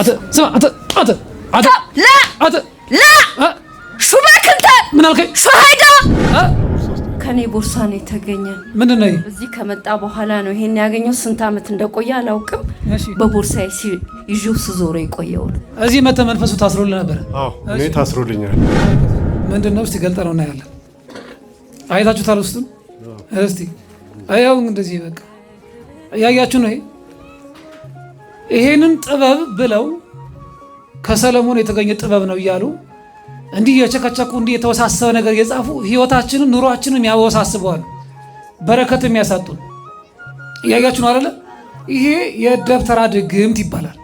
አንተ ስማ፣ አንተ አንተ አንተ ላ አንተ ላ ሹበክንተ ምን አልከኝ? ሹሃይዳ ከኔ ቦርሳ ነው የተገኘ። ምንድን ነው እዚህ ከመጣ በኋላ ነው ይሄን ያገኘው። ስንት ዓመት እንደቆየ አላውቅም። በቦርሳ ይዤው ስዞረ የቆየው ነው። እዚህ መተ መንፈሱ ታስሮልህ ነበር? አዎ እኔ ታስሮልኛል። ምንድን ነው እስቲ ገልጠህ ነው እናያለን። አይታችሁታል? ውስጡን እስቲ ያው እንደዚህ በቃ ያያችሁ ነው ይሄ ይሄንን ጥበብ ብለው ከሰለሞን የተገኘ ጥበብ ነው እያሉ እንዲህ የቸከቸኩ እንዲህ የተወሳሰበ ነገር የጻፉ ህይወታችንን ኑሯችንን ያወሳስበዋል፣ በረከትም ያሳጡን። እያያችሁ ነው አይደለ? ይሄ የደብተራ ድግምት ይባላል።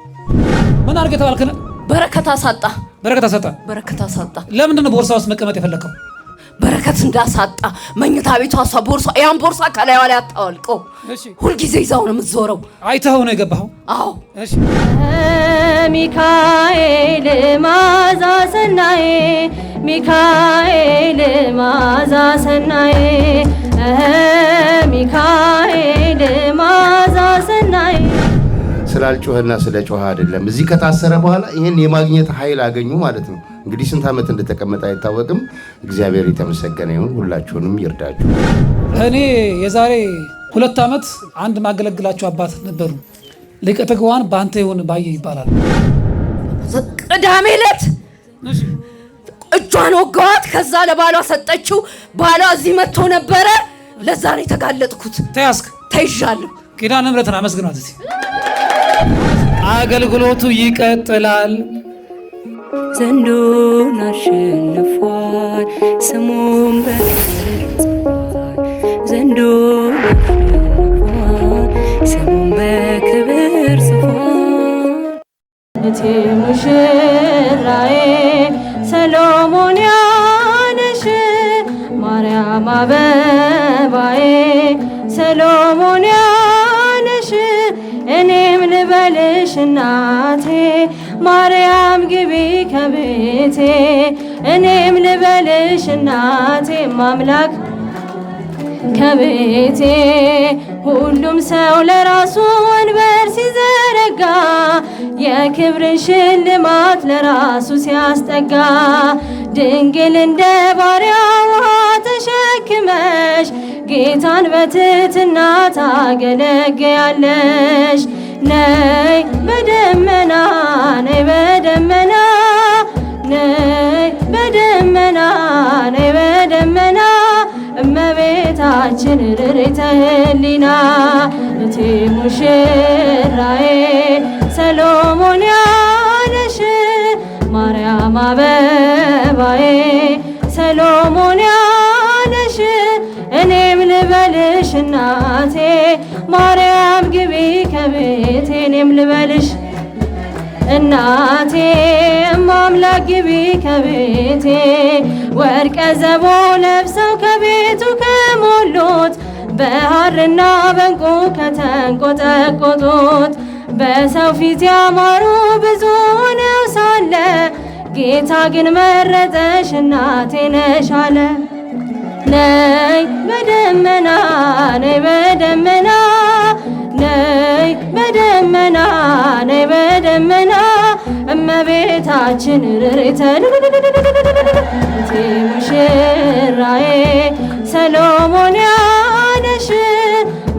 ምን አድርገህ የተባልከን በረከት አሳጣ፣ በረከት አሳጣ፣ በረከት አሳጣ። ለምንድን ነው ቦርሳ ውስጥ መቀመጥ የፈለከው? በረከት እንዳሳጣ መኝታ ቤቷ እሷ ቦርሷ ያን ቦርሷ ከላይዋ ላይ አታወልቀው። ሁልጊዜ ይዛው ነው የምትዞረው። አይተኸው ነው የገባኸው? አዎ። ሚካኤል ማዛ ሰናዬ፣ ሚካኤል ማዛ ሰናዬ፣ ሚካኤል ማዛ ሰናዬ። ስላልጮኸና ስለ ጮኸ አይደለም። እዚህ ከታሰረ በኋላ ይህን የማግኘት ኃይል አገኙ ማለት ነው። እንግዲህ ስንት ዓመት እንደተቀመጠ አይታወቅም። እግዚአብሔር የተመሰገነ ይሁን። ሁላችሁንም ይርዳችሁ። እኔ የዛሬ ሁለት ዓመት አንድ ማገለግላቸው አባት ነበሩ። ሊቀ ትጉሃን በአንተ ይሁን ባየ ይባላል። ቅዳሜ ዕለት እጇን ወገዋት፣ ከዛ ለባሏ ሰጠችው። ባሏ እዚህ መጥቶ ነበረ። ለዛ ነው የተጋለጥኩት። ተያዝክ? ተይዣለሁ። ኪዳነ ምሕረትን አመስግኗት። አገልግሎቱ ይቀጥላል። ዘንዶን አሸንፏል ስሙም በክብር ጸንቷል። ዘንዶን አሸንፏል ስሙም በክብር ጽፏል። ሙሽራዬ ሰሎሞን ያነሽ ማርያም አበባዬ ሰሎሞን ያነሽ እኔም ልበልሽ እናቴ ማርያም ግቢ ከቤቴ እኔም ልበልሽ እናቴ ማምላክ ከቤቴ ሁሉም ሰው ለራሱ ወንበር ሲዘረጋ የክብርን ሽልማት ለራሱ ሲያስጠጋ ድንግል እንደ ባሪያ ውሃ ተሸክመሽ ጌታን በትህትና ታገለግያለሽ። ነይ በደመና ነይ በደመና ነይ በደመና ነይ በደመና እመቤታችን ርሬተ ህሊና እቴ ሙሽራዬ ሰሎሞን ያለሽ ማርያም አበባዬ ሰሎሞን ያለሽ እኔም ልበልሽ እናቴ ማርያም ባለቤቴ እኔም ልበልሽ እናቴ እማምላክ ግቢ ከቤቴ ወርቀ ዘቦ ለብሰው ከቤቱ ከሞሉት በሐርና በንቁ ከተንቆጠቆጡት በሰው ፊት ያማሩ ብዙ ነው ሳለ ጌታ ግን መረጠሽ እናቴ ነሽ አለ። ነይ በደመና ነይ በደመና ነይ በደመና ነይ በደመና እመቤታችን ርሬተ ቲ ሙሽራዬ ሰሎሞን ያነሽ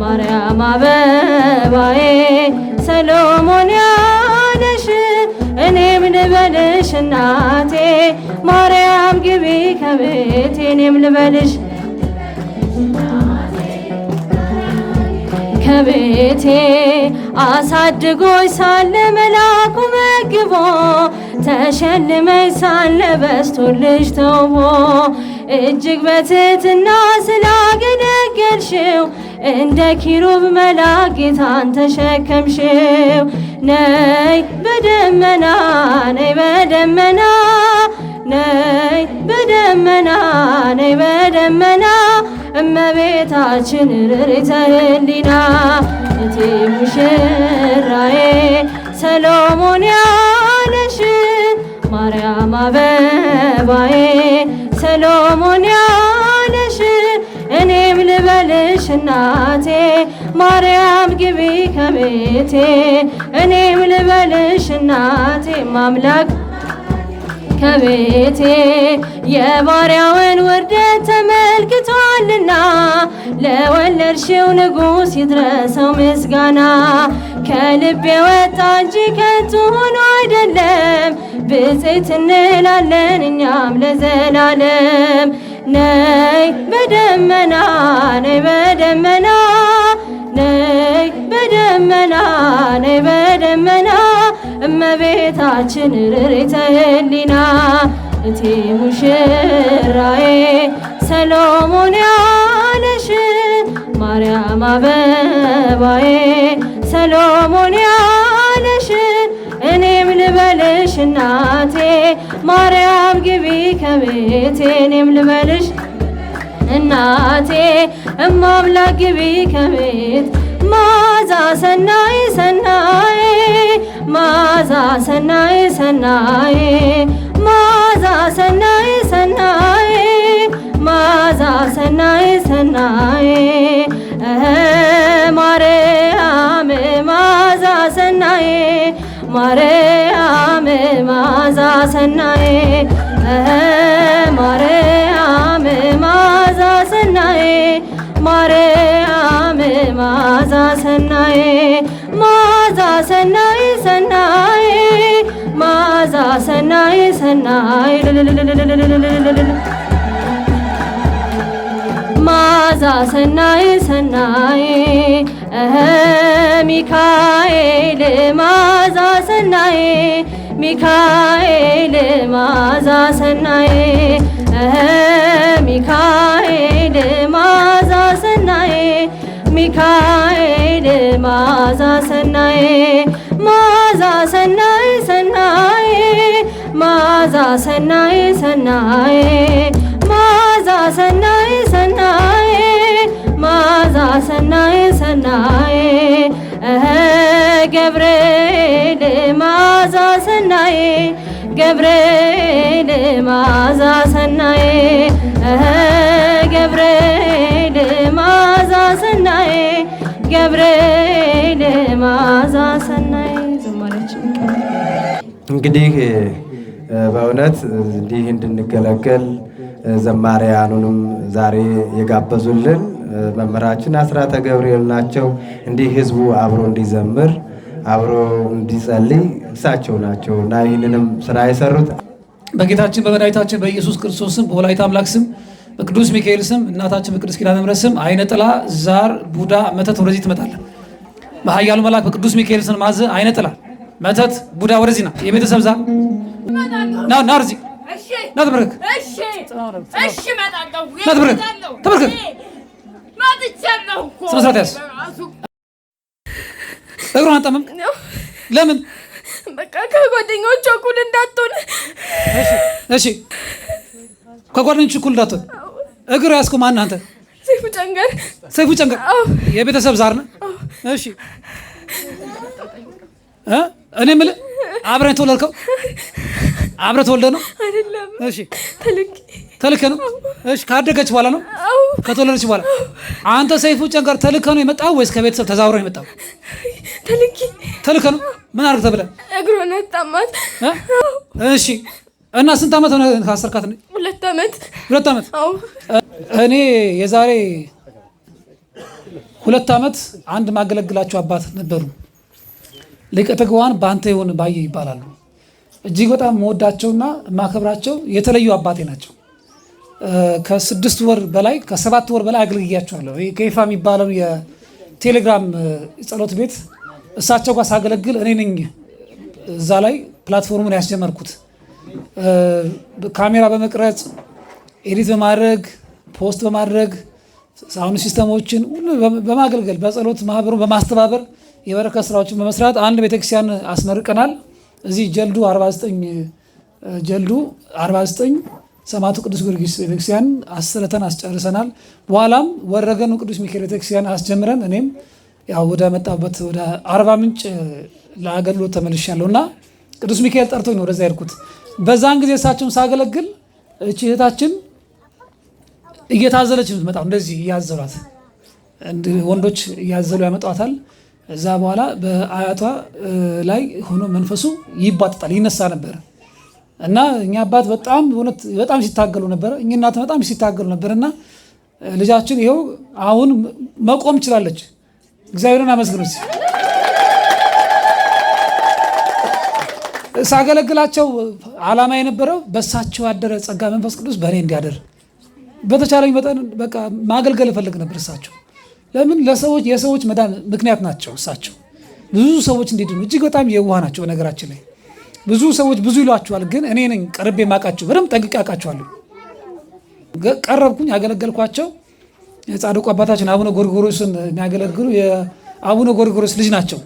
ማርያም አበባዬ ሰሎሞን ያነሽ እኔም ልበልሽ እናቴ ማርያም ግቢ ከቤቴ እኔም ልበልሽ ከቤቴ አሳድጎ ሳለ መላኩ መግቦ ተሸልመ ሳለ በስቶ ልጅ ተውቦ እጅግ በትትና ስላገለገልሽው እንደ ኪሩብ መልአክ ጌታን ተሸከምሽው። ነይ በደመና ነይ በደመና ነይ በደመና ነይ በደመና እመቤታችን ርሪተ ህሊና እቴ ሙሽራዬ ሰሎሞን ያለሽ ማርያም አበባዬ ሰሎሞን ያለሽ እኔም ልበልሽ እናቴ ማርያም ግቢ ከቤቴ እኔም ልበልሽ እናቴ ማምላክ ከቤቴ የባሪያውን ውርደት ተመልክቷልና ለወለድሽው ንጉሥ ይድረሰው ምስጋና። ከልቤ ወጣ እንጂ ከንቱ ሆኖ አይደለም፣ ብፅዕት እንላለን እኛም ለዘላለም። ነይ በደመና ነይ በደመና ነይ በደመና ነይ በደመና እመቤታችን ርሬተ ህሊና እቴ ሙሽራዬ ሰሎሞን ያለሽ ማርያም አበባዬ ሰሎሞን ያለሽ እኔም ልበልሽ እናቴ ማርያም ግቢ ከቤቴ እኔም ልበልሽ እናቴ እማምላክ ግቢ ከቤት ማዛ ሰናይ ሰናይ ማዛ ሰናይ ሰናይ ማዛ ሰናይ ሰናይ ማዛ ሰናይ ሰናይ ማርያም ማዛ ሰናይ ማርያም ማዛ ሰናይ ማርያም ማዛ ሰናይ ማርያም ማዛ ሰናይ ማዛ ሰናይ ሰናይ ማዛ ሰናይ ሰናይ ማዛ ሰናይ ሰናይ ሚካኤል ማዛ ሰናይ ሚካኤል ማዛ ሰናይ ሚካ ሚካኤል ማዛ ሰናዬ ማዛ ሰናይ ሰናይ ማዛ ሰናይ ሰናይ ማዛ ሰናይ ሰናይ ማዛ ሰናይ ሰናይ ገብርኤል ማዛ ሰናይ ገብርኤል ማዛ ሰናይ ገብርኤል ገብርኤል ማዛ ሰናይ ገብርኤል ማዛ ሰናይ ዘማሪያችን እንግዲህ በእውነት እንዲህ እንድንገለገል ዘማሪያኑንም ዛሬ የጋበዙልን መምህራችን አስራተ ገብርኤል ናቸው። እንዲህ ህዝቡ አብሮ እንዲዘምር አብሮ እንዲጸልይ እሳቸው ናቸው እና ይህንንም ስራ የሰሩት በጌታችን በመድኃኒታችን በኢየሱስ ክርስቶስ ስም በወላዲተ አምላክ ስም በቅዱስ ሚካኤል ስም እናታችን በቅዱስ ኪዳነ ምሕረት ስም አይነ ጥላ፣ ዛር፣ ቡዳ፣ መተት ወደዚህ ትመጣለህ። በኃያሉ መልአክ በቅዱስ ሚካኤል ስም ማዘ አይነ ጥላ፣ መተት፣ ቡዳ ወደዚህ ና። የቤተሰብ ዛር ና ና ወደዚህ ና። ተበረክ ና ተበረክ ተበረክ። ስነ ስርዓት ያዝ። እግሯን አጣመምክ ለምን? በቃ ከጓደኞቹ እኩል እንዳትሆን። እሺ ከጓደኞቹ እኩል እንዳትሆን እግር ያስኩ ማን አንተ? ሰይፉ ጨንገር። ሰይፉ ጨንገር የቤተሰብ ዛር ነህ? እሺ እኔ የምልህ አብረን የተወለድከው አብረህ ተወልደ ነው? አይደለም። እሺ ተልኬ ነው? እሺ ካደገች በኋላ ነው? ከተወለደች በኋላ አንተ ሰይፉ ጨንገር ተልከ ነው የመጣው ወይስ ከቤተሰብ ተዛውሮ ነው የመጣው? ተልኬ ተልከ ነው? ምን አድርግ ተብለህ? ነው አጣማት። እሺ እና ስንት ዓመት ሆነ ካሰርካት? ሁለት አመት ሁለት አመት አዎ እኔ የዛሬ ሁለት ዓመት አንድ ማገለግላቸው አባት ነበሩ። ሊቀ ተግባን በአንተ ይሁን ባየ ይባላሉ። እጅግ በጣም መወዳቸውና ማከብራቸው የተለዩ አባቴ ናቸው። ከስድስት ወር በላይ ከሰባት ወር በላይ አገልግያቸዋለሁ። ከይፋ የሚባለው የቴሌግራም ጸሎት ቤት እሳቸው ጋር ሳገለግል እኔ ነኝ እዛ ላይ ፕላትፎርሙን ያስጀመርኩት ካሜራ በመቅረጽ ኤዲት በማድረግ ፖስት በማድረግ ሳውን ሲስተሞችን በማገልገል በጸሎት ማህበሩን በማስተባበር የበረከት ስራዎችን በመስራት አንድ ቤተክርስቲያን አስመርቀናል። እዚህ ጀልዱ 49 ጀልዱ 49 ሰማዕቱ ቅዱስ ጊዮርጊስ ቤተክርስቲያን አስረተን አስጨርሰናል። በኋላም ወረገኑ ቅዱስ ሚካኤል ቤተክርስቲያን አስጀምረን እኔም ያው ወደ መጣበት ወደ አርባ ምንጭ ለአገልግሎት ተመልሻለሁ እና ቅዱስ ሚካኤል ጠርቶኝ ነው ወደዛ ሄድኩት። በዛን ጊዜ እሳቸውን ሳገለግል እህታችን እየታዘለች መጣው እንደዚህ እያዘሏት ወንዶች እያዘሉ ያመጧታል። እዛ በኋላ በአያቷ ላይ ሆኖ መንፈሱ ይባጥጣል ይነሳ ነበር እና እኛ አባት በጣም እውነት በጣም ሲታገሉ ነበር። እኛ እናት በጣም ሲታገሉ ነበር እና ልጃችን ይኸው አሁን መቆም ችላለች። እግዚአብሔርን አመስግኖች ሳገለግላቸው አላማ የነበረው በእሳቸው ያደረ ጸጋ መንፈስ ቅዱስ በእኔ እንዲያደር በተቻለኝ መጠን በቃ ማገልገል እፈልግ ነበር። እሳቸው ለምን ለሰዎች የሰዎች መዳን ምክንያት ናቸው። እሳቸው ብዙ ሰዎች እንዲድኑ እጅግ በጣም የዋህ ናቸው። ነገራችን ላይ ብዙ ሰዎች ብዙ ይሏቸዋል፣ ግን እኔ ነኝ ቀርቤ ማውቃቸው በደንብ ጠንቅቄ አውቃቸዋለሁ። ቀረብኩኝ፣ ያገለገልኳቸው የጻድቁ አባታችን አቡነ ጎርጎሮስን የሚያገለግሉ የአቡነ ጎርጎሮስ ልጅ ናቸው።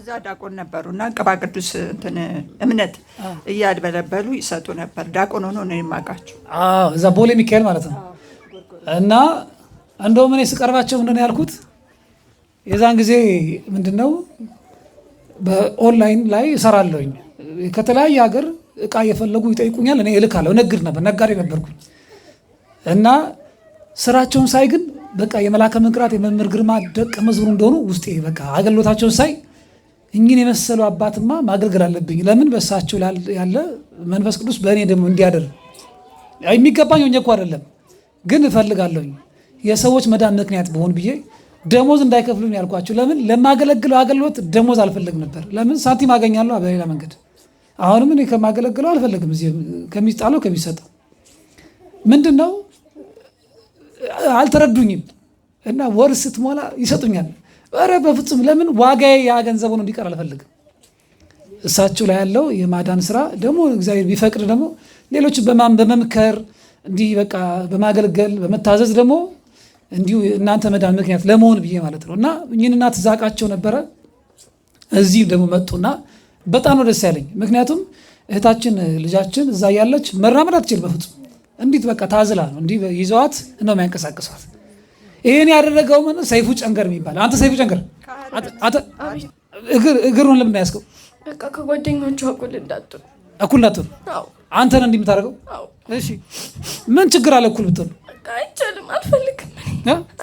እዛ ዳቆን ነበሩ እና ቅባ ቅዱስ እንትን እምነት እያድበለበሉ ይሰጡ ነበር። ዳቆን ሆኖ ነው የማውቃቸው። እዛ ቦሌ ሚካኤል ማለት ነው። እና እንደውም እኔ ስቀርባቸው ምንድን ያልኩት የዛን ጊዜ ምንድን ነው በኦንላይን ላይ እሰራለሁኝ ከተለያየ ሀገር እቃ እየፈለጉ ይጠይቁኛል፣ እኔ እልካለሁ። ነግድ ነበር ነጋዴ ነበርኩኝ። እና ስራቸውን ሳይ ግን በቃ የመላከ መንክራት የመምህር ግርማ ደቀ መዝሙር እንደሆኑ ውስጤ በቃ አገልግሎታቸውን ሳይ እኝን የመሰሉ አባትማ ማገልገል አለብኝ። ለምን በሳቸው ያለ መንፈስ ቅዱስ በእኔ ደግሞ እንዲያደር የሚገባኝ ሆኜ እኮ አይደለም፣ ግን እፈልጋለሁኝ የሰዎች መዳን ምክንያት በሆን ብዬ ደሞዝ እንዳይከፍሉኝ ያልኳቸው። ለምን ለማገለግለው አገልግሎት ደሞዝ አልፈልግም ነበር። ለምን ሳንቲም አገኛለሁ በሌላ መንገድ። አሁንም እኔ ከማገለግለው አልፈልግም፣ ከሚጣለው ከሚሰጠው ምንድን ነው አልተረዱኝም። እና ወር ስትሞላ ይሰጡኛል ኧረ በፍጹም ለምን ዋጋዬ ያ ገንዘብ ሆኖ እንዲቀር አልፈልግም። እሳቸው ላይ ያለው የማዳን ስራ ደግሞ እግዚአብሔር ቢፈቅድ ደግሞ ሌሎች በመምከር እንዲህ በቃ በማገልገል በመታዘዝ ደግሞ እንዲሁ እናንተ መዳን ምክንያት ለመሆን ብዬ ማለት ነው። እና እኝንና ትዛቃቸው ነበረ እዚህ ደግሞ መጡና በጣም ነው ደስ ያለኝ። ምክንያቱም እህታችን ልጃችን እዛ ያለች መራመድ አትችል በፍጹም እንዴት በቃ ታዝላ ነው እንዲህ ይዘዋት ነው የሚያንቀሳቅሷት። ይህን ያደረገው ምን ሰይፉ ጨንገር የሚባል አንተ ሰይፉ ጨንገር እግሩን ለምን ያስከው? በቃ ከጓደኞቹ እኩል እንዳጡ እኩል እንዳትሆን አንተን እንዲህ የምታደርገው። እሺ ምን ችግር አለ? እኩል ብትሆን አይቻልም። አልፈልግም፣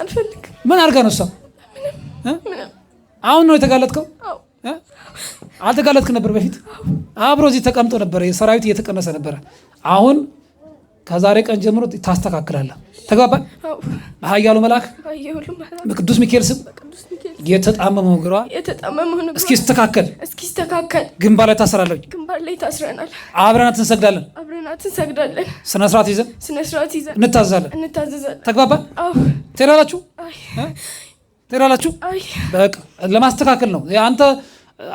አልፈልግም። ምን አድርጋ ነው እሷ? አሁን ነው የተጋለጥከው? አልተጋለጥክ ነበር በፊት። አብሮ እዚህ ተቀምጦ ነበረ፣ ሰራዊት እየተቀነሰ ነበረ። አሁን ከዛሬ ቀን ጀምሮ ታስተካክላለህ። ተግባባን። በኃያሉ መልአክ በቅዱስ ሚካኤል ስም የተጣመመ ግሯ እስኪ ስተካከል፣ ግንባር ላይ ታስራለች፣ አብረናት እንሰግዳለን፣ ስነስርዓት ይዘን እንታዘዛለን። ተግባባን። ትሄዳላችሁ ትሄዳላችሁ። ለማስተካከል ነው። አንተ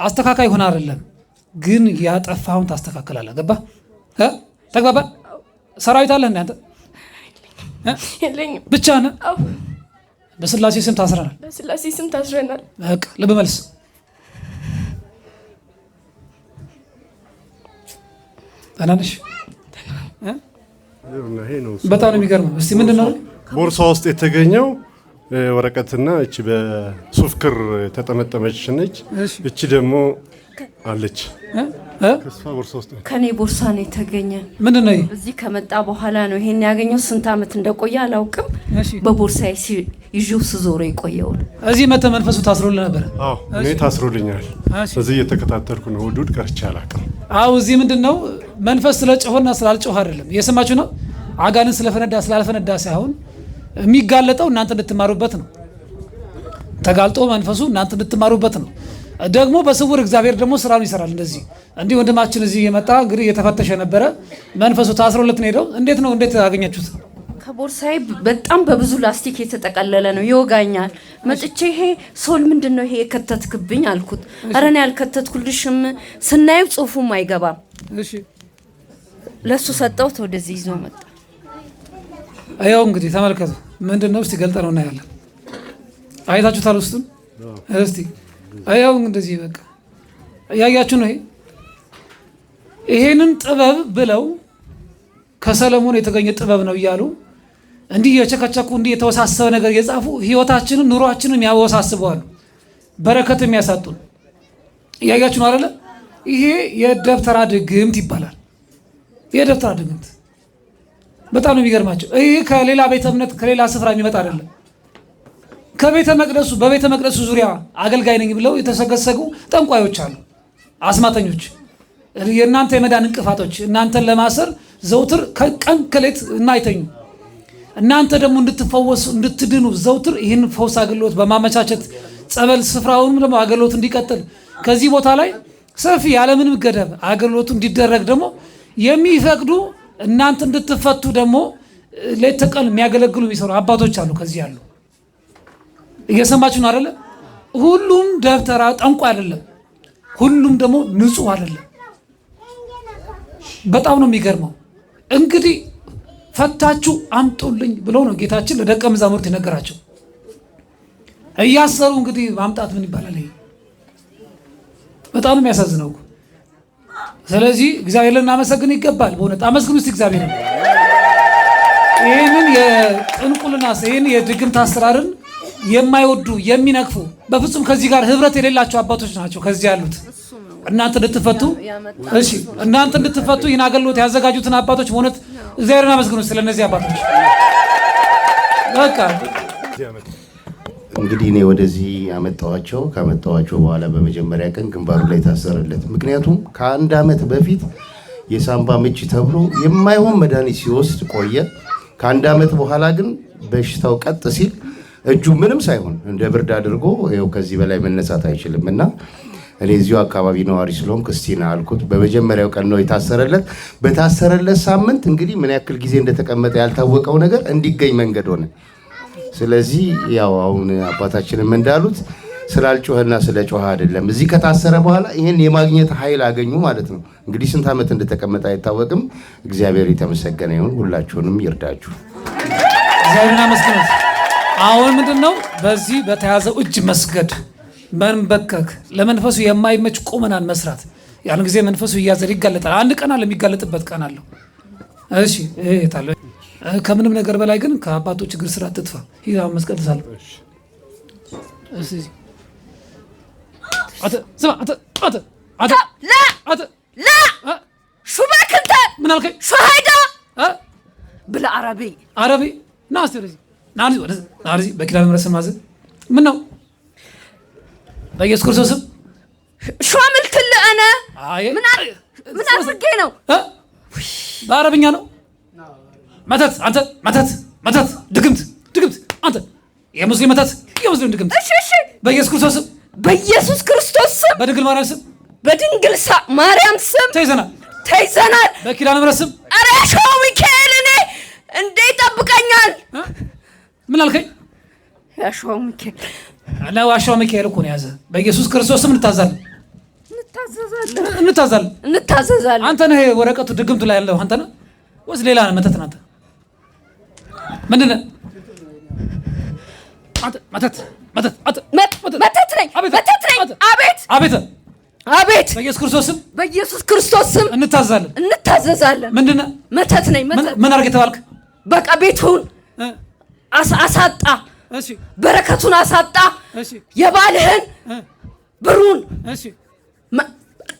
አስተካካይ ሆነ አይደለም፣ ግን ያጠፋውን ታስተካክላለህ። ገባ ተግባባን። ሰራዊት አለህ እንዴ ብቻ ነ በስላሴ ስም ታስረናል። በስላሴ ስም ታስረናል። በቃ ልብ መልስ ጠናነሽ በጣም ነው የሚገርመው። እስቲ ምንድን ነው ቦርሳ ውስጥ የተገኘው ወረቀትና እቺ በሱፍ ክር ተጠመጠመች ነች። እቺ ደግሞ አለች ከኔ ቦርሳ ነው የተገኘ። ምን ነው እዚህ ከመጣ በኋላ ነው ይሄን ያገኘው። ስንት ዓመት እንደቆየ አላውቅም። በቦርሳ ይዤው ስዞረ የቆየው እዚህ መተ መንፈሱ ታስሮል ነበር። እኔ ታስሮልኛል። እዚህ እየተከታተልኩ ነው። ውድ ቀርቼ አላውቅም። አዎ እዚህ ምንድን ነው መንፈስ ስለ ጮኸና ስላልጮኸ አይደለም። እየሰማችሁ ነው። አጋንን ስለፈነዳ ስላልፈነዳ ሳይሆን የሚጋለጠው እናንተ እንድትማሩበት ነው። ተጋልጦ መንፈሱ እናንተ እንድትማሩበት ነው። ደግሞ በስውር እግዚአብሔር ደግሞ ስራውን ይሰራል። እንደዚህ እንዲህ ወንድማችን እዚህ የመጣ እንግዲህ እየተፈተሸ ነበረ መንፈሱ ታስሮለት ነው ሄደው። እንዴት ነው እንዴት አገኛችሁት? ከቦርሳዬ በጣም በብዙ ላስቲክ የተጠቀለለ ነው፣ ይወጋኛል። መጥቼ ይሄ ሶል ምንድን ነው ይሄ የከተትክብኝ አልኩት። ኧረ እኔ ያልከተትኩልሽም፣ ስናየው ጽሁፉም አይገባም። ለእሱ ሰጠውት ወደዚህ ይዞ መጣ። ያው እንግዲህ ተመልከቱ፣ ምንድን ነው እስቲ ገልጠ ነው እናያለን። አይታችሁታል ውስጥም እስቲ ያው እንደዚህ በቃ ያያችሁ ነው። ይሄንን ጥበብ ብለው ከሰለሞን የተገኘ ጥበብ ነው እያሉ እንዲህ የቸከቸኩ እንዲህ የተወሳሰበ ነገር የጻፉ ህይወታችንን ኑሯችንን ያወሳስበዋል፣ በረከት የሚያሳጡን እያያችሁ ነው አይደለ? ይሄ የደብተራ ድግምት ይባላል። የደብተራ ድግምት በጣም ነው የሚገርማቸው። ይህ ከሌላ ቤተ እምነት ከሌላ ስፍራ የሚመጣ አይደለም። ከቤተ መቅደሱ በቤተ መቅደሱ ዙሪያ አገልጋይ ነኝ ብለው የተሰገሰጉ ጠንቋዮች አሉ፣ አስማተኞች፣ የእናንተ የመዳን እንቅፋቶች እናንተን ለማሰር ዘውትር ቀን ከሌት እናይተኙ እናንተ ደግሞ እንድትፈወሱ እንድትድኑ ዘውትር ይህን ፈውስ አገልግሎት በማመቻቸት ጸበል ስፍራውንም ደግሞ አገልግሎት እንዲቀጥል ከዚህ ቦታ ላይ ሰፊ ያለምንም ገደብ አገልግሎቱ እንዲደረግ ደግሞ የሚፈቅዱ እናንተ እንድትፈቱ ደግሞ ሌት ተቀን የሚያገለግሉ የሚሰሩ አባቶች አሉ ከዚህ ያሉ እየሰማችሁ ነው አይደለም? ሁሉም ደብተራ ጠንቋ አይደለም። ሁሉም ደግሞ ንጹህ አይደለም። በጣም ነው የሚገርመው። እንግዲህ ፈታችሁ አምጡልኝ ብሎ ነው ጌታችን ለደቀ መዛሙርት የነገራቸው። እያሰሩ እንግዲህ ማምጣት ምን ይባላል? ይሄ በጣም ነው የሚያሳዝነው። ስለዚህ እግዚአብሔር ልናመሰግን ይገባል። በእውነት አመስግኑ እስቲ እግዚአብሔር ይህንን የጥንቁልና ይህን የድግምት አሰራርን የማይወዱ የሚነቅፉ በፍጹም ከዚህ ጋር ህብረት የሌላቸው አባቶች ናቸው ከዚህ ያሉት። እናንተ እንድትፈቱ እሺ፣ እናንተ እንድትፈቱ ይህን አገልግሎት ያዘጋጁትን አባቶች በእውነት እግዚአብሔርን አመስግኑ። እነዚህ አባቶች በቃ እንግዲህ እኔ ወደዚህ ያመጣኋቸው ካመጣኋቸው በኋላ በመጀመሪያ ቀን ግንባሩ ላይ ታሰረለት። ምክንያቱም ከአንድ ዓመት በፊት የሳምባ ምች ተብሎ የማይሆን መድኃኒት ሲወስድ ቆየ። ከአንድ ዓመት በኋላ ግን በሽታው ቀጥ ሲል እጁ ምንም ሳይሆን እንደ ብርድ አድርጎ ይኸው ከዚህ በላይ መነሳት አይችልም እና እኔ እዚሁ አካባቢ ነዋሪ ስለሆን እስቲ አልኩት። በመጀመሪያው ቀን ነው የታሰረለት። በታሰረለት ሳምንት እንግዲህ ምን ያክል ጊዜ እንደተቀመጠ ያልታወቀው ነገር እንዲገኝ መንገድ ሆነ። ስለዚህ ያው አሁን አባታችንም እንዳሉት ስላልጮኸና ስለ ጮኸ አይደለም። እዚህ ከታሰረ በኋላ ይህን የማግኘት ኃይል አገኙ ማለት ነው። እንግዲህ ስንት ዓመት እንደተቀመጠ አይታወቅም። እግዚአብሔር የተመሰገነ ይሁን። ሁላችሁንም ይርዳችሁ። እግዚአብሔር አሁን ምንድን ነው በዚህ በተያዘው እጅ መስገድ፣ መንበከክ፣ ለመንፈሱ የማይመች ቁመናን መስራት። ያን ጊዜ መንፈሱ እያዘር ይጋለጣል። አንድ ቀን አለ፣ የሚጋለጥበት ቀን አለው። እሺ ታለ ከምንም ነገር በላይ ግን ከአባቶች እግር ስራ ትጥፋ። ይዛ መስቀል ተሳለ ሹባክንተ ምን አልከኝ? ሹሃይዳ ብለ አረቢ አረቢ ና ስ ናዚ በኪዳነ ምሕረት ስም አዘን ምን ነው በኢየሱስ ክርስቶስ ስም ሾምል ትልእነ ምን አድርጌ ነው? በአረብኛ ነው። መተት አንተ መተት መተት ድግምት ድግምት አንተ የሙስሊም መተት የሙስሊም ድግምት በኢየሱስ ክርስቶስ ስም በኢየሱስ ክርስቶስ ስም በድንግል ማርያም ስም በድንግል ማርያም ስም ተይዘናል ተይዘናል። በኪዳነ ምሕረት ስም ኧረ ሾው ሚካኤል እኔ እንዴ ይጠብቀኛል ምን አልከኝ? ያሸዋው ሚካኤል እና ዋሻው ሚካኤል እኮ ነው የያዘ። በኢየሱስ ክርስቶስም እንታዛለን እንታዛለን እንታዘዛለን። አንተ ነህ ወረቀቱ ድግምቱ ላይ ያለው አንተ ነህ ወይስ ሌላ መተት? አንተ ምንድን ነህ? አቤት አቤት አቤት በኢየሱስ በኢየሱስ ክርስቶስም እንታዛለን እንታዘዛለን። ምንድን ነህ? መተት ነኝ። ምን አድርግ የተባልክ በቃ ቤቱን አሳጣ፣ በረከቱን አሳጣ፣ የባልህን ብሩን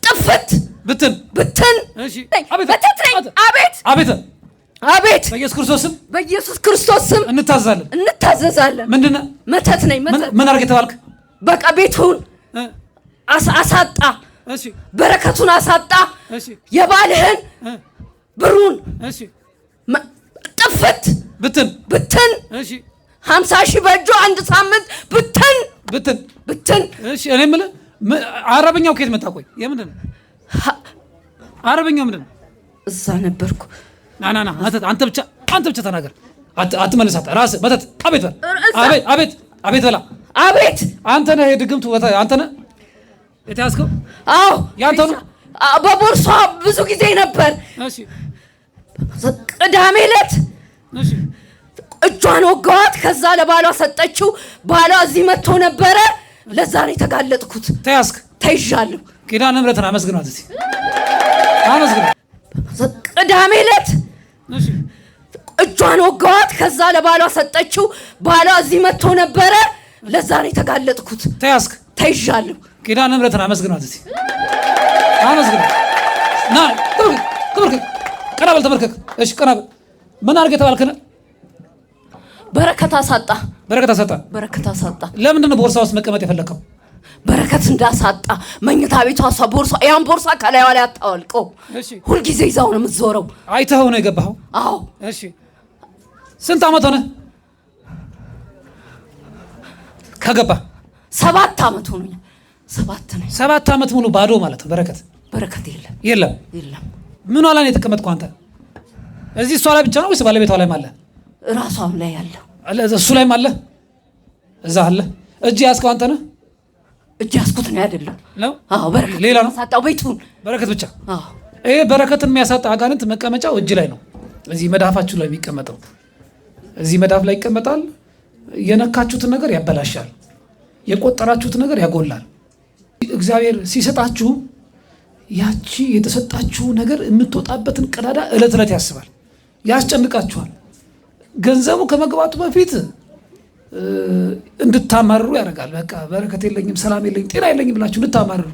ጥፍት ብትን ብትን። አቤት አቤት አቤት በኢየሱስ ክርስቶስም በኢየሱስ ክርስቶስም እንታዘዛለን እንታዘዛለን። ምንድን ነው መተት ነኝ። ምን አድርግ የተባልክ በቃ ቤቱን አሳጣ፣ በረከቱን አሳጣ፣ የባልህን ብሩን ጥፍት ብትን ብትን ሀምሳ ሺህ በእጁ አንድ ሳምንት ብትን ብትን ብትን። እሺ እኔ የምልህ አረበኛው ከየት መጣ? ቆይ የምንድን አረበኛው? ምንድን እዛ ነበርኩ። ና ና ና አንተ ብቻ አንተ ብቻ ተናገር። አትመልሳት ራስህ መተት። አቤት በላ አቤት አቤት አቤት በላ አቤት። አንተ ነህ የድግምቱ አንተ ነህ የተያዝከው? አዎ ያንተ ነው። በቦርሷ ብዙ ጊዜ ነበር። ቅዳሜ ዕለት እጇን ወጋዋት። ከዛ ለባሏ ሰጠችው። ባሏ እዚህ መጥቶ ነበረ። ለዛ ነው የተጋለጥኩት። ተያዝክ? ተይዣለሁ። ኪዳነ ምሕረትን አመስግኗት እዚህ አመስግኗት። ቅዳሜ ዕለት እጇን ወጋዋት። ከዛ ለባሏ ሰጠችው። ባሏ እዚህ መጥቶ ነበረ። ለዛ ነው የተጋለጥኩት። ተያዝክ? ተይዣለሁ። ኪዳነ ምሕረትን አመስግኗት እዚህ አመስግኗት። ና ቀና በል ተመልከክ። እሺ ቀና በል ምን አድርገህ ተባልክን? በረከት አሳጣ፣ በረከት አሳጣ፣ በረከት አሳጣ። ለምንድን ነው ቦርሳ ውስጥ መቀመጥ የፈለከው? በረከት እንዳሳጣ መኝታ ቤቷ እሷ ቦርሳ ያን ቦርሳ ከላይዋ ላይ አታወልቀው። ሁልጊዜ ይዛው ነው የምትዞረው። አይተኸው ነው የገባኸው? አዎ። እሺ፣ ስንት ዓመት ሆነ ከገባ? ሰባት ዓመት ሆነ። ሰባት ነው። ሰባት ዓመት ሙሉ ባዶ ማለት ነው። በረከት በረከት የለም፣ የለም፣ የለም። ምን ኋላ ነው የተቀመጥኩ አንተ እዚህ እሷ ላይ ብቻ ነው ወይስ ባለቤቷ ላይም አለ? ራሷም ላይ አለ። እሱ ላይም አለ። እዛ አለ። እጅ ያስከው አንተ ነህ። እጅ ያስኩት ነው አይደለም? አዎ። በረከት ሌላ ነው ሳጣው፣ ቤቱን በረከት ብቻ። አዎ። ይሄ በረከትን የሚያሳጣ አጋንንት መቀመጫው እጅ ላይ ነው። እዚህ መዳፋችሁ ላይ የሚቀመጠው እዚህ መዳፍ ላይ ይቀመጣል። የነካችሁትን ነገር ያበላሻል። የቆጠራችሁትን ነገር ያጎላል። እግዚአብሔር ሲሰጣችሁ ያቺ የተሰጣችሁ ነገር የምትወጣበትን ቀዳዳ እለት እለት ያስባል። ያስጨንቃችኋል። ገንዘቡ ከመግባቱ በፊት እንድታማርሩ ያደርጋል። በቃ በረከት የለኝም፣ ሰላም የለኝም፣ ጤና የለኝም ብላችሁ እንድታማርሩ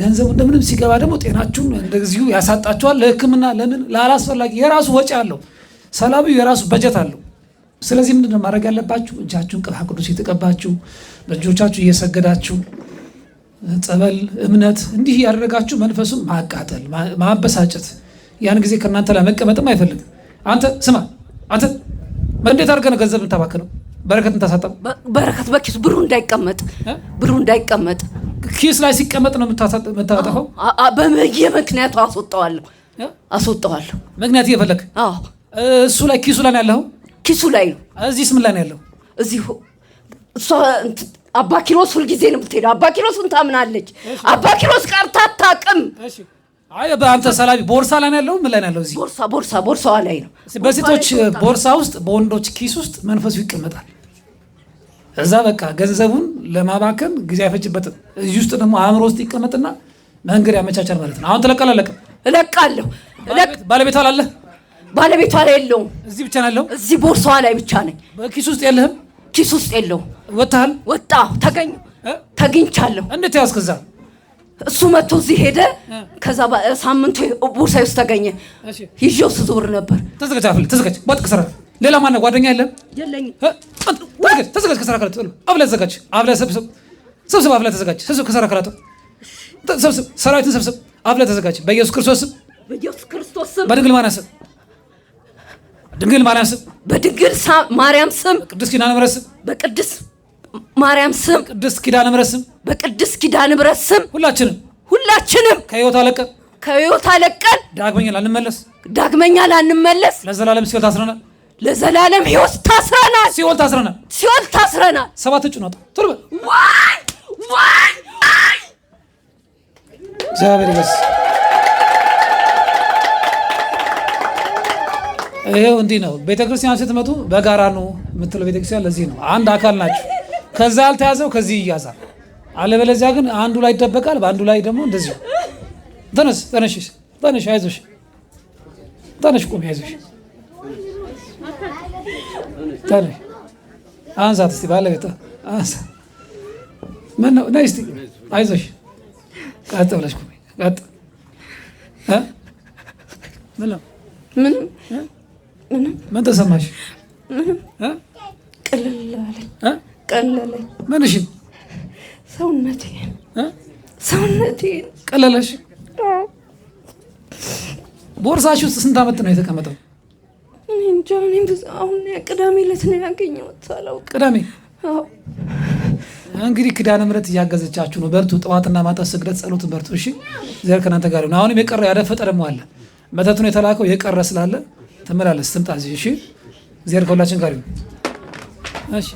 ገንዘቡ እንደምንም ሲገባ ደግሞ ጤናችሁን እንደዚሁ ያሳጣችኋል። ለሕክምና ለምን ላላስፈላጊ የራሱ ወጪ አለው። ሰላም የራሱ በጀት አለው። ስለዚህ ምንድነው ማድረግ ያለባችሁ? እጃችሁን ቅባ ቅዱስ የተቀባችሁ በእጆቻችሁ እየሰገዳችሁ ጸበል፣ እምነት እንዲህ ያደረጋችሁ መንፈሱን ማቃጠል፣ ማበሳጨት ያን ጊዜ ከእናንተ ላይ መቀመጥም አይፈልግም። አንተ ስማ፣ አንተ እንዴት አድርገህ ነው ገንዘብ የምታባክነው? በረከት የምታሳጣው በረከት በኪስ ብሩ እንዳይቀመጥ ብሩ እንዳይቀመጥ ኪስ ላይ ሲቀመጥ ነው የምታጠፈው። በየምክንያቱ አስወጣዋለሁ አስወጣዋለሁ። ምክንያት እየፈለግ እሱ ላይ ኪሱ ላይ ያለው ኪሱ ላይ ነው። እዚህ ስም ላይ ነው ያለው። እዚሁ እሷ አባ ኪሮስ ሁልጊዜ ነው የምትሄደው። አባ ኪሮስን ታምናለች። አባ ኪሮስ ቀርታ አታውቅም። አይ በአንተ ሰላቢ ቦርሳ ላይ ያለው ምን ላይ ያለው? እዚህ ቦርሳ ቦርሳ ቦርሳ ላይ ነው። በሴቶች ቦርሳ ውስጥ በወንዶች ኪስ ውስጥ መንፈሱ ይቀመጣል። እዛ በቃ ገንዘቡን ለማባከን ጊዜ አይፈጅበትም። እዚህ ውስጥ ደግሞ አእምሮ ውስጥ ይቀመጥና መንገድ ያመቻቻል ማለት ነው። አሁን ትለቃለህ? አለቀ። እለቃለሁ። ባለቤቷ አላለ? ባለቤቷ ላይ የለውም። እዚህ ብቻ ነው ያለው። እዚህ ቦርሳ ላይ ብቻ ነኝ። በኪስ ውስጥ የለህም? ኪስ ውስጥ የለውም። ወጣል? ወጣ ተገኝ ተገኝቻለሁ። እንዴት ያስከዛ እሱ መጥቶ እዚህ ሄደ። ከዛ ሳምንቱ ቦርሳዬ ውስጥ ተገኘ። ይዤው ስዞር ነበር። ተዘጋጅ አፍል ተዘጋጅ፣ ወጥ ከሰራ ሌላ ማነው ጓደኛ የለም? ተዘጋጅ ከስራ ከሰራ ከላት አብለ ተዘጋጅ፣ አብለ ሰብስብ ሰብስብ፣ አብለ ተዘጋጅ፣ ስብስብ፣ ከስራ ከላት ሰብስብ፣ ሰራዊትን ሰብስብ፣ አብለ ተዘጋጅ። በኢየሱስ ክርስቶስ ስም፣ በኢየሱስ ክርስቶስ ስም፣ በድንግል ማርያም ስም፣ ድንግል ማርያም ስም፣ በድንግል ማርያም ስም፣ ቅዱስ ኪዳነ ምሕረት ስም፣ በቅዱስ ማርያም ስም ቅድስት ኪዳነ ምሕረት ስም በቅድስት ኪዳነ ምሕረት ስም ሁላችንም ሁላችንም ከህይወት አለቀን ከህይወት አለቀን ዳግመኛ ላንመለስ ዳግመኛ ላንመለስ ለዘላለም ሲወል ታስረናል ለዘላለም ህይወት ታስረናል። ሲኦል ታስረናል። ሲኦል ታስረናል። ሰባት እጩ ነው። ቶሎ በል ዋይ ዋይ እግዚአብሔር ይመስገን። ይሄው እንዲህ ነው ቤተክርስቲያን ስትመጡ በጋራ ነው የምትለው ቤተክርስቲያን። ለዚህ ነው አንድ አካል ናቸው። ከዛ አልተያዘው ከዚህ ይያዛል። አለበለዚያ ግን አንዱ ላይ ይደበቃል፣ በአንዱ ላይ ደግሞ እንደዚህ። ተነስ ተነሽ ተነሽ፣ አይዞሽ ተነሽ፣ ቁም አይዞሽ ተነሽ። አንሳት እስቲ ባለቤት አንሳ። ምን ነው ነይ እስቲ፣ አይዞሽ፣ ቀጥ ብለሽ ቁሚ፣ ቀጥ ምን ነው ምን ተሰማሽ? ቅልል አለኝ ቀለለኝ። ቀለለሽ? ቦርሳሽ ውስጥ ስንት ዓመት ነው የተቀመጠው? እንጃ። እኔም አሁን ቅዳሜ ዕለት ነው ያገኘሁት። አላውቅም። ቅዳሜ እንግዲህ ኪዳነ ምሕረት እያገዘቻችሁ ነው። በርቱ። ጠዋትና ማታ ስግደት፣ ጸሎትን በርቱ። እሺ፣ እግዚአብሔር ከእናንተ ጋር ይሁን። አሁንም የቀረ ያደፈጠ ደግሞ አለ። የተላከው የቀረ ስላለ ትመላለስ ትምጣ። እዚህ እሺ፣ እግዚአብሔር ከሁላችን ጋር ይሁን። እሺ